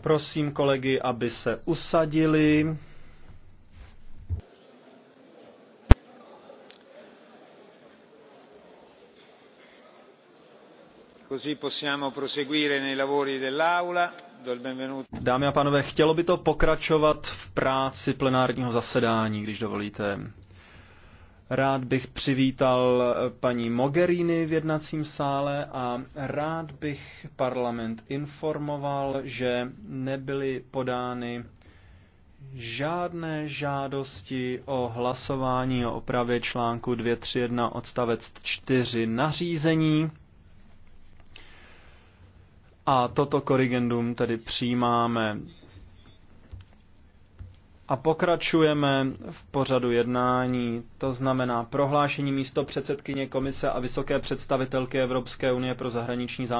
Prosím kolegy, aby se usadili. Dámy a pánové, chtělo by to pokračovat v práci plenárního zasedání, když dovolíte. Rád bych přivítal eh, paní Mogherini v jednacím sále a rád bych parlament informoval, že nebyly podány žádné žádosti o hlasování o opravě článku 231 odstavec 4 nařízení. A toto korrigendum tedy přijímáme a pokračujeme v pořadu jednání, to znamená prohlášení místo předsedkyně komise a vysoké představitelky Evropské unie pro zahraniční záležitosti.